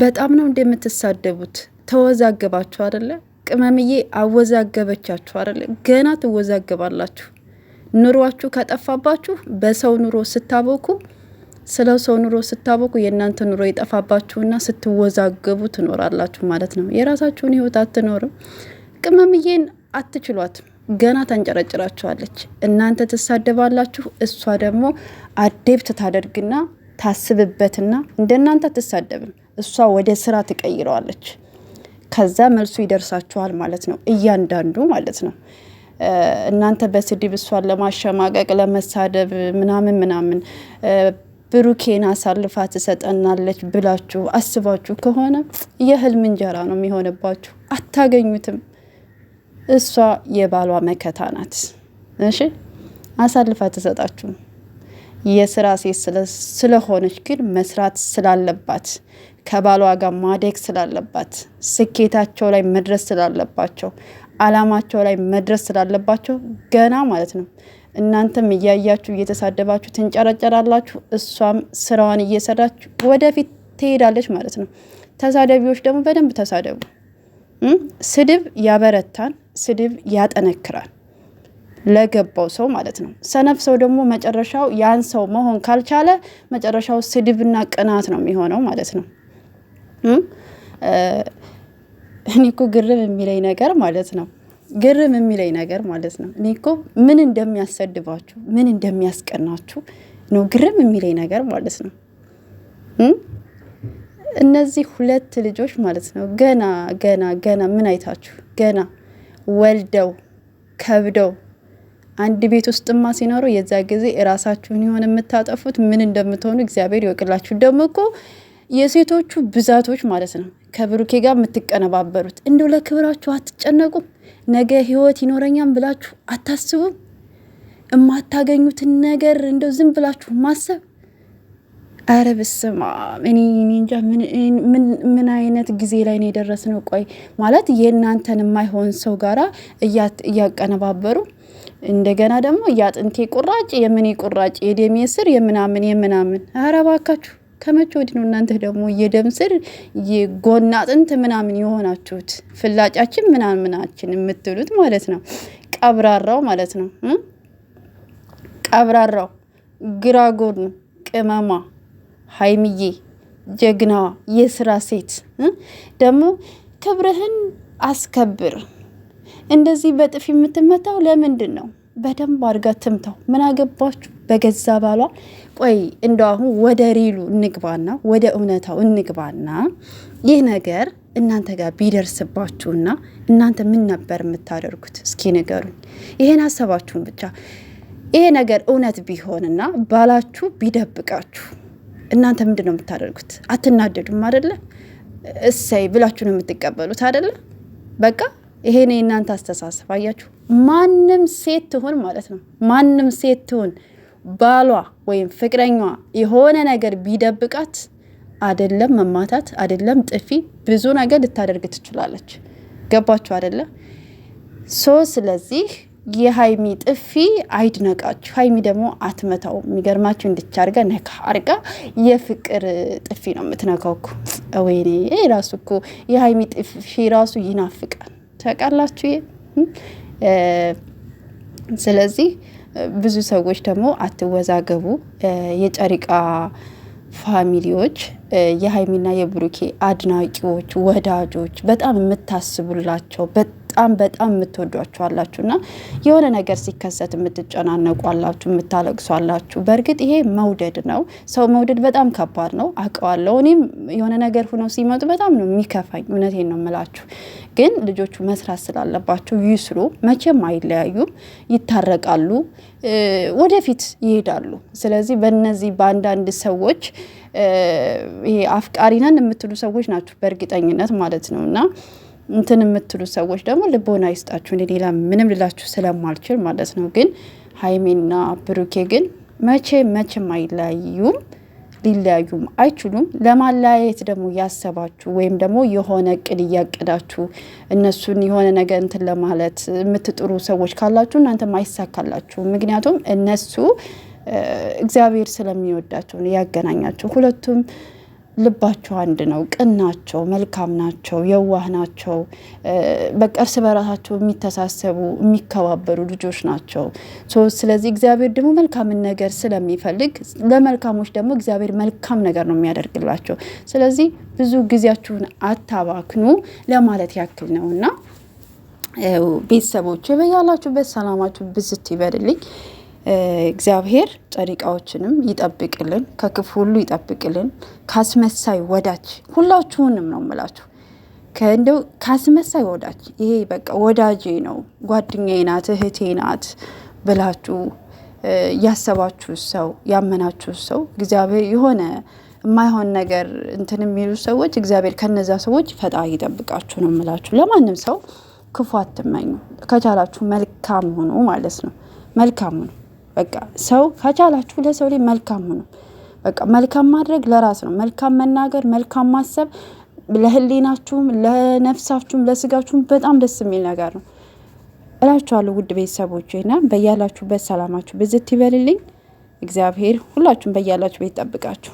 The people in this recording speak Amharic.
በጣም ነው እንደምትሳደቡት። ተወዛገባችሁ አደለ? ቅመምዬ አወዛገበቻችሁ አደለ? ገና ትወዛገባላችሁ። ኑሯችሁ ከጠፋባችሁ በሰው ኑሮ ስታቦኩ ስለ ሰው ኑሮ ስታቦኩ የእናንተ ኑሮ የጠፋባችሁና ስትወዛገቡ ትኖራላችሁ ማለት ነው። የራሳችሁን ህይወት አትኖርም። ቅመምዬን አትችሏትም። ገና ታንጨረጭራችኋለች። እናንተ ትሳደባላችሁ፣ እሷ ደግሞ አዴብት ታደርግና ታስብበትና እንደናንተ አትሳደብም። እሷ ወደ ስራ ትቀይረዋለች። ከዛ መልሱ ይደርሳችኋል ማለት ነው፣ እያንዳንዱ ማለት ነው። እናንተ በስድብ እሷን ለማሸማቀቅ ለመሳደብ ምናምን ምናምን ብሩኬን አሳልፋ ትሰጠናለች ብላችሁ አስባችሁ ከሆነ የህልም እንጀራ ነው የሚሆንባችሁ፣ አታገኙትም። እሷ የባሏ መከታ ናት። እሺ አሳልፋ ትሰጣችሁ። የስራ ሴት ስለሆነች ግን መስራት ስላለባት ከባሏ ጋር ማደግ ስላለባት ስኬታቸው ላይ መድረስ ስላለባቸው አላማቸው ላይ መድረስ ስላለባቸው ገና ማለት ነው። እናንተም እያያችሁ እየተሳደባችሁ ትንጨረጨራላችሁ፣ እሷም ስራዋን እየሰራች ወደፊት ትሄዳለች ማለት ነው። ተሳደቢዎች ደግሞ በደንብ ተሳደቡ። ስድብ ያበረታን፣ ስድብ ያጠነክራል ለገባው ሰው ማለት ነው። ሰነፍ ሰው ደግሞ መጨረሻው ያን ሰው መሆን ካልቻለ መጨረሻው ስድብና ቅናት ነው የሚሆነው ማለት ነው። እኔ እኮ ግርም የሚለኝ ነገር ማለት ነው ግርም የሚለኝ ነገር ማለት ነው። እኔ እኮ ምን እንደሚያሰድባችሁ ምን እንደሚያስቀናችሁ ነው ግርም የሚለኝ ነገር ማለት ነው። እነዚህ ሁለት ልጆች ማለት ነው ገና ገና ገና ምን አይታችሁ ገና ወልደው ከብደው አንድ ቤት ውስጥማ ሲኖሩ የዛ ጊዜ እራሳችሁን የሆነ የምታጠፉት ምን እንደምትሆኑ እግዚአብሔር ይወቅላችሁ። ደግሞ እኮ የሴቶቹ ብዛቶች ማለት ነው ከብሩኬ ጋር የምትቀነባበሩት። እንደው ለክብራችሁ አትጨነቁም? ነገ ህይወት ይኖረኛም ብላችሁ አታስቡም? የማታገኙትን ነገር እንደው ዝም ብላችሁ ማሰብ አረ በስመ አብ! እኔ እንጃ ምን አይነት ጊዜ ላይ ነው የደረስነው? ቆይ ማለት የእናንተን የማይሆን ሰው ጋራ እያቀነባበሩ እንደገና ደግሞ የአጥንቴ ቁራጭ የምኔ ቁራጭ የደሜ ስር የምናምን የምናምን አረ ከመቼ ወዲህ ነው እናንተ ደግሞ የደም ስር ጎና አጥንት ምናምን የሆናችሁት ፍላጫችን ምናምናችን የምትሉት ማለት ነው። ቀብራራው ማለት ነው። ቀብራራው ግራጎኑ ቅመማ ሀይምዬ ጀግናዋ የስራ ሴት ደግሞ ክብርህን አስከብር። እንደዚህ በጥፊ የምትመታው ለምንድን ነው? በደንብ አድርጋ ትምታው። ምን አገባችሁ በገዛ ባሏ። ቆይ እንደ አሁን ወደ ሪሉ እንግባና ወደ እውነታው እንግባና ይህ ነገር እናንተ ጋር ቢደርስባችሁና እናንተ ምን ነበር የምታደርጉት? እስኪ ንገሩኝ። ይሄን ሀሳባችሁን ብቻ። ይሄ ነገር እውነት ቢሆንና ባላችሁ ቢደብቃችሁ እናንተ ምንድን ነው የምታደርጉት? አትናደዱም አደለ? እሰይ ብላችሁ ነው የምትቀበሉት አደለ? በቃ ይሄ የእናንተ አስተሳሰብ አያችሁ። ማንም ሴት ትሁን ማለት ነው። ማንም ሴት ትሁን ባሏ ወይም ፍቅረኛዋ የሆነ ነገር ቢደብቃት አደለም መማታት፣ አደለም ጥፊ፣ ብዙ ነገር ልታደርግ ትችላለች። ገባችሁ አደለ? ሶ ስለዚህ የሀይሚ ጥፊ አይድነቃችሁ። ሀይሚ ደግሞ አትመታው። የሚገርማችሁ እንድቻርጋ ነካ አርጋ የፍቅር ጥፊ ነው የምትነካው እኮ። ወይኔ ራሱ እኮ የሀይሚ ጥፊ ራሱ ይናፍቃል። ታውቃላችሁ ስለዚህ ብዙ ሰዎች ደግሞ አትወዛገቡ። የጨሪቃ ፋሚሊዎች የሀይሚና የብሩኬ አድናቂዎች፣ ወዳጆች በጣም የምታስቡላቸው በጣም በጣም የምትወዷቸዋላችሁ እና የሆነ ነገር ሲከሰት የምትጨናነቋላችሁ የምታለቅሷላችሁ በእርግጥ ይሄ መውደድ ነው። ሰው መውደድ በጣም ከባድ ነው አውቀዋለሁ። እኔም የሆነ ነገር ሁነው ሲመጡ በጣም ነው የሚከፋኝ። እውነቴን ነው የምላችሁ። ግን ልጆቹ መስራት ስላለባቸው ይስሩ። መቼም አይለያዩም፣ ይታረቃሉ፣ ወደፊት ይሄዳሉ። ስለዚህ በእነዚህ በአንዳንድ ሰዎች ይሄ አፍቃሪ ነን የምትሉ ሰዎች ናችሁ በእርግጠኝነት ማለት ነው እና እንትን የምትሉ ሰዎች ደግሞ ልቦና ይስጣችሁ። እኔ ሌላ ምንም ልላችሁ ስለማልችል ማለት ነው። ግን ሀይሜና ብሩኬ ግን መቼ መቼም አይለያዩም፣ ሊለያዩም አይችሉም። ለማለያየት ደግሞ ያሰባችሁ ወይም ደግሞ የሆነ እቅድ እያቀዳችሁ እነሱን የሆነ ነገር እንትን ለማለት የምትጥሩ ሰዎች ካላችሁ እናንተ አይሳካላችሁ። ምክንያቱም እነሱ እግዚአብሔር ስለሚወዳቸው ያገናኛቸው ሁለቱም ልባቸው አንድ ነው፣ ቅን ናቸው፣ መልካም ናቸው፣ የዋህ ናቸው። በቃ እርስ በራሳቸው የሚተሳሰቡ የሚከባበሩ ልጆች ናቸው። ስለዚህ እግዚአብሔር ደግሞ መልካምን ነገር ስለሚፈልግ ለመልካሞች ደግሞ እግዚአብሔር መልካም ነገር ነው የሚያደርግላቸው። ስለዚህ ብዙ ጊዜያችሁን አታባክኑ ለማለት ያክል ነው እና ቤተሰቦች በያላችሁበት ሰላማችሁ ብዝት ይበልልኝ። እግዚአብሔር ጨሪቃዎችንም ይጠብቅልን፣ ከክፉ ሁሉ ይጠብቅልን፣ ካስመሳይ ወዳጅ ሁላችሁንም ነው ምላችሁ ከእንደው ካስመሳይ ወዳጅ ይሄ በቃ ወዳጄ ነው ጓደኛዬ ናት እህቴ ናት ብላችሁ ያሰባችሁ ሰው ያመናችሁ ሰው እግዚአብሔር የሆነ የማይሆን ነገር እንትን የሚሉ ሰዎች እግዚአብሔር ከነዛ ሰዎች ፈጣ ይጠብቃችሁ ነው ምላችሁ። ለማንም ሰው ክፉ አትመኙ፣ ከቻላችሁ መልካም ሁኑ ማለት ነው። መልካም ሁኑ። በቃ ሰው ከቻላችሁ ለሰው ላይ መልካም ሁኑ። በቃ መልካም ማድረግ ለራስ ነው። መልካም መናገር፣ መልካም ማሰብ ለህሊናችሁም፣ ለነፍሳችሁም፣ ለስጋችሁም በጣም ደስ የሚል ነገር ነው እላችኋለሁ። ውድ ቤተሰቦች ና በያላችሁበት ሰላማችሁ ብዝት ይበልልኝ። እግዚአብሔር ሁላችሁም በያላችሁ ቤት ጠብቃችሁ